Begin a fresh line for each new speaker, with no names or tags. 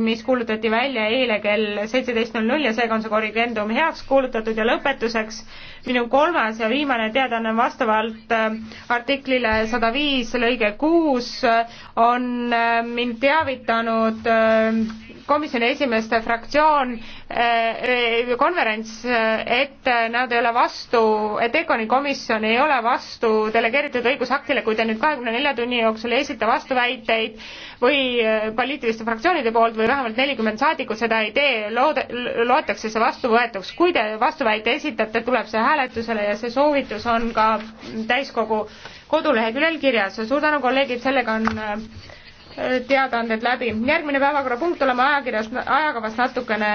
mis kuulutati välja eile kell seitseteist null null ja seega on see korrigendum heaks kuulutatud ja lõpetuseks minu kolmas ja viimane teadaanne vastavalt äh, artiklile sada viis lõige kuus äh, on äh, mind teavitanud komisjoni esimeeste fraktsioon äh, konverents, eh, et nad ei ole vastu, et EKONi komisjon ei ole vastu delegeeritud õigusaktile, kui te nüüd kahekümne nelja tunni jooksul ei esita vastuväiteid või eh, poliitiliste fraktsioonide poolt või vähemalt nelikümmend saadikut seda ei tee, loode, loetakse see vastuvõetuks. kui te vastuväite esitate, tuleb see hääletusele ja see soovitus on ka täiskogu koduleheküljel kirjas. suur tänu, kolleegid, sellega on teadaanded läbi. järgmine päevakorrapunkt
oleme ajakirjas, ajakavast natukene